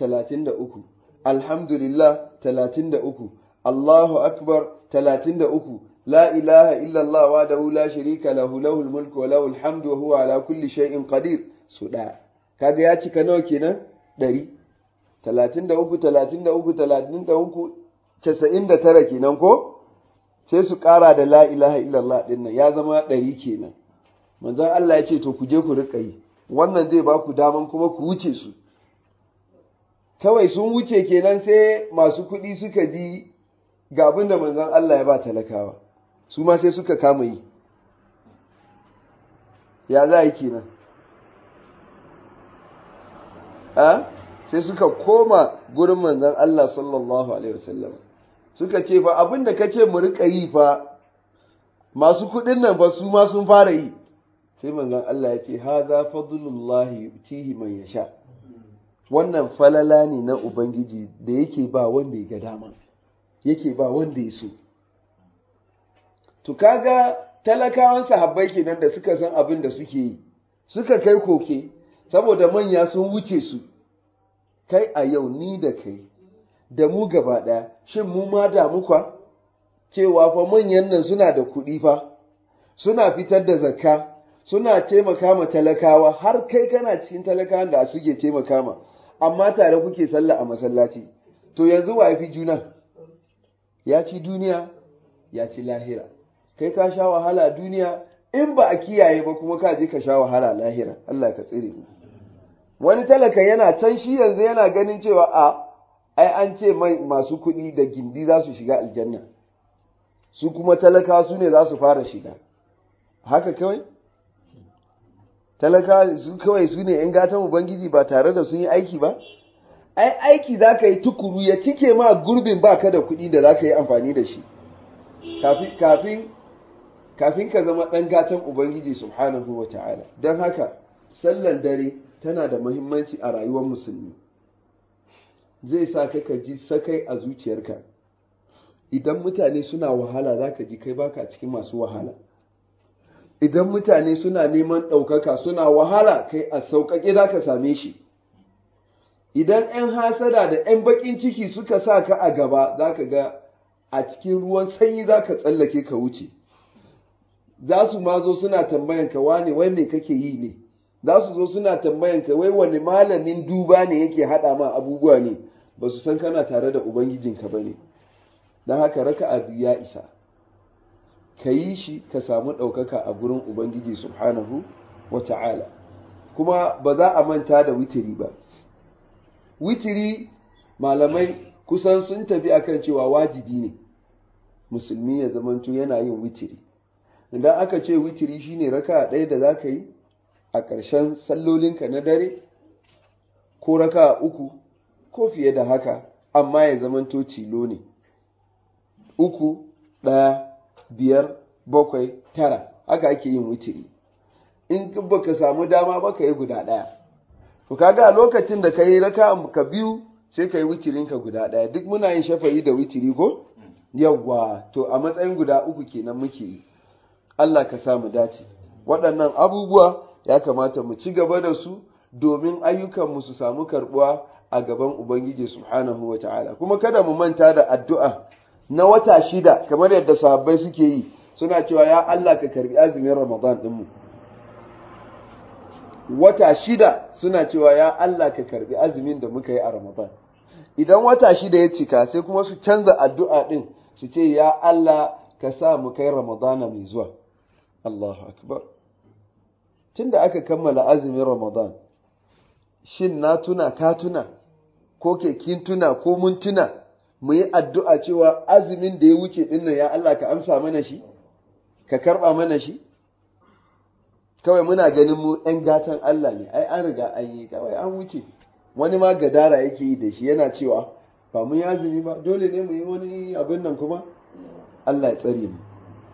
talatin da uku alhamdulillah talatin da uku allahu akbar talatin da uku la ilaha illallah wa da la sharika lahu lahul mulku wa lahul hamdu wa huwa ala kulli shay'in qadir su ɗaya kaga ya cika nawa kenan ɗari talatin da uku talatin da uku talatin da uku casa'in da tara kenan ko sai su ƙara da la ilaha illallah ɗin nan ya zama ɗari kenan manzon Allah ya ce to ku je ku riƙa yi wannan zai ba ku daman kuma ku wuce su kawai sun wuce kenan sai masu kuɗi suka ji ga da manzan Allah ya ba talakawa su ma sai suka kama yi ya za yi kenan a sai suka koma gurin manzan Allah sallallahu alaihi wasallam suka ce fa abin da kace mu rika yi fa masu kuɗin nan fa su ma sun fara yi sai manzan Allah ya ce haza fadlullahi yutihi man sha. wannan falala ne na ubangiji da yake ba wanda ya ga dama yake ba wanda ya so to kaga talakawan sahabbai kenan da suka san abin da suke yi suka kai koke saboda manya sun wuce su kai a yau ni da kai da mu gaba ɗaya shin mu ma damu kwa cewa fa manyan nan suna da kuɗi fa suna fitar da zakka suna taimaka ma talakawa har kai kana cikin talakawan da suke taimaka ma amma tare kuke sallah a masallaci to yanzu wa fi juna ya ci duniya ya ci lahira kai ka sha wahala duniya in ba a kiyaye ba kuma ka je ka sha wahala lahira Allah ka tsire wani talaka yana can shi yanzu yana ganin cewa a ai an ce mai masu kuɗi da gindi za su shiga aljanna su kuma talaka su ne za su fara shiga haka kawai talaka su kawai su ne yan gatan ubangiji ba tare da sun yi aiki ba ai aiki za ka yi tukuru ya cike ma gurbin ba ka da kuɗi da za ka yi amfani da shi kafin ka zama ɗan gatan ubangiji subhanahu wa ta'ala don haka sallan dare tana da muhimmanci a rayuwar musulmi zai sa ka ka ji sakai a zuciyarka idan mutane suna wahala za ka ji kai baka cikin masu wahala idan mutane suna neman ɗaukaka suna wahala kai a sauƙaƙe za ka same shi idan ‘yan hasada da ‘yan baƙin ciki suka sa ka a gaba za ka ga a cikin ruwan sanyi za ka tsallake ka wuce za su ma zo suna tambayan ka wane wai me kake yi ne za su zo suna tambayan ka wai wani malamin duba ne yake haɗa ma abubuwa ne ba su san kana tare da ubangijinka ba ne don haka raka biyu ya isa ka yi shi ka samu ɗaukaka a gurin ubangiji subhanahu wa ta'ala kuma ba za a manta da witiri ba witiri malamai kusan sun tafi akan cewa wajibi ne musulmi ya zamanto yana yin witiri idan aka ce witiri shine raka ɗaya da za ka yi a ƙarshen sallolinka na dare ko raka uku ko fiye da haka amma ya zamanto tilo ne uku ɗaya biyar bakwai tara haka ake yin witiri in baka samu dama ba ka yi guda ɗaya to kaga a lokacin da ka yi raka ka biyu sai ka yi witirin ka guda ɗaya duk muna yin shafa'i da witiri ko yawwa to a matsayin guda uku kenan muke yi Allah ka samu dace waɗannan abubuwa ya kamata mu ci gaba da su domin ayyukanmu su samu karɓuwa a gaban Ubangiji subhanahu wa ta'ala kuma kada mu manta da addu'a na wata shida kamar yadda sahabbai suke yi suna cewa ya Allah ka karbi azumin Ramadan dinmu wata shida suna cewa ya Allah ka karbi azumin da muka yi a Ramadan idan wata shida ya cika sai kuma su canza addu'a din su ce ya Allah ka sa mu kai Ramadan mai zuwa Allahu akbar tunda aka kammala azumin Ramadan shin na tuna ka tuna ko ke kin tuna ko mun tuna mu yi addu'a cewa azumin da ya wuce dinnan ya Allah ka amsa mana shi ka karɓa mana shi kawai muna ganin mu ‘yan gatan Allah ne, ai an riga an yi, kawai an wuce, wani ma gadara yake yi da shi yana cewa ba mu yi azumi ba, dole ne mu yi wani abin nan kuma? Allah ya tsare mu,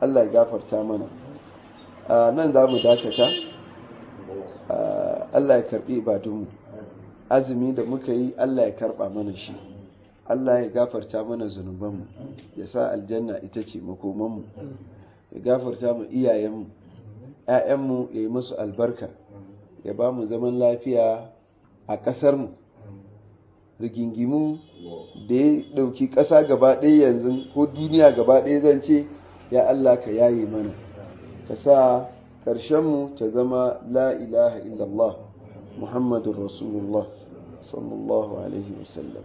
Allah ya gafarta mana. Nan za mu dakata, Allah ya karɓi ibadunmu, azumi da muka yi Allah ya karɓa mana shi. Allah ya gafarta mana zunubanmu ya sa aljanna ita ce makomanmu ya gafarta mu iyayenmu ‘ya'yanmu ya yi musu albarka ya ba mu zaman lafiya a ƙasarmu rigingimu da ya ɗauki ƙasa gaba ɗaya yanzu ko duniya gaba ɗaya zan ce ya Allah ka yaye mana ka sa ƙarshenmu ta zama la ilaha illallah muhammadun rasulullah sallallahu alaihi wasallam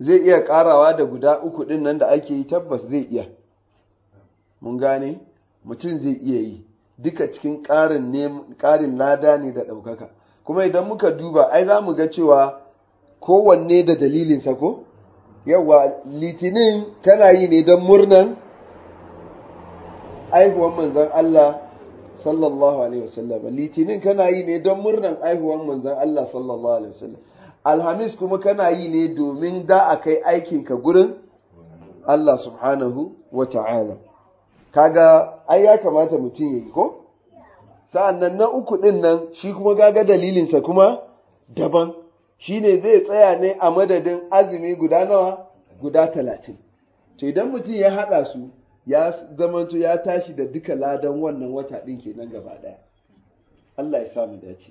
zai iya karawa da guda uku din nan da ake yi tabbas zai iya mun gane mutum zai iya yi duka cikin ƙarin lada ne da ɗaukaka kuma idan muka duba ai za mu ga cewa kowanne da dalilinsa ko yawa litinin kana yi ne don murnan aihuwan manzan Allah sallallahu alaihi wasallam litinin kana yi ne don murnan aihuwan manzan Allah sallallahu alaihi wasallam alhamis kuma kana yi ne domin da a kai ka gurin Allah subhanahu wa ta'ala kaga ai ya kamata mutum yi ko sa'annan na uku ɗin nan shi kuma gaga dalilinsa kuma daban shi ne zai tsaya ne a madadin azumi guda nawa guda talatin to idan mutum ya haɗa su ya zamanto ya tashi da duka ladan wannan wata ɗin kenan gaba ɗaya Allah ya samu dace.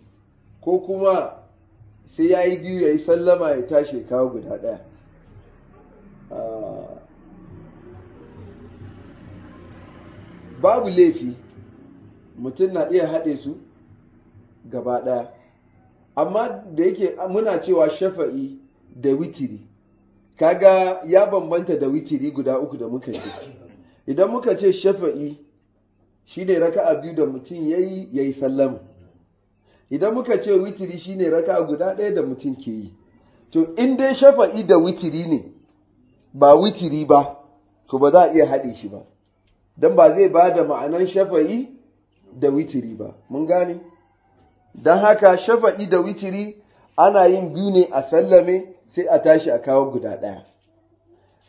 ko kuma sai ya yi biyu ya yi sallama ya tashi kawo guda ɗaya ah, babu laifi mutum na iya haɗe su gaba ɗaya amma da yake muna cewa shafa'i da witiri kaga ya bambanta da witiri guda uku da muka ce idan muka ce shafa'i shi ne raka'a biyu da mutum ya yi ya yi sallama idan muka ce witiri shine raka guda ɗaya da mutum ke yi to in dai shafa'i da witiri ne ba witiri ba to ba za a iya haɗe shi ba don ba zai ba da ma'anan shafa'i da witiri ba mun gane don haka shafa'i da witiri ana yin biyu ne a sallame sai a tashi a kawo guda ɗaya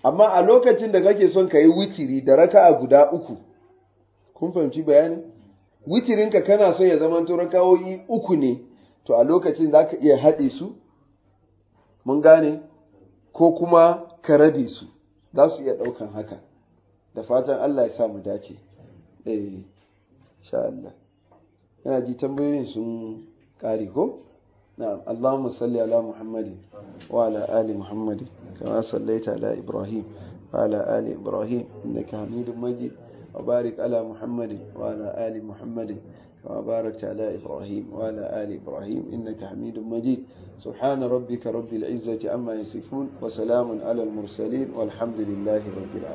amma a lokacin da kake son ka yi witiri da raka'a guda uku kun fahimci bayani witirinka kana son ya zama turan rakawoyi uku ne to a lokacin za ka iya haɗe su mun gane ko kuma ka rabe su za su iya ɗaukan haka da fatan Allah ya sa mu dace eh sha Allah yana ji tambayoyin sun ƙari ko na'am Allahumma salli ala Muhammadin wa ala ali Muhammadin kama sallaita ala Ibrahim wa ala ali Ibrahim innaka Hamidum Majid وبارك على محمد وعلى آل محمد كما باركت على إبراهيم وعلى آل إبراهيم إنك حميد مجيد سبحان ربك رب العزة عما يصفون وسلام على المرسلين والحمد لله رب العالمين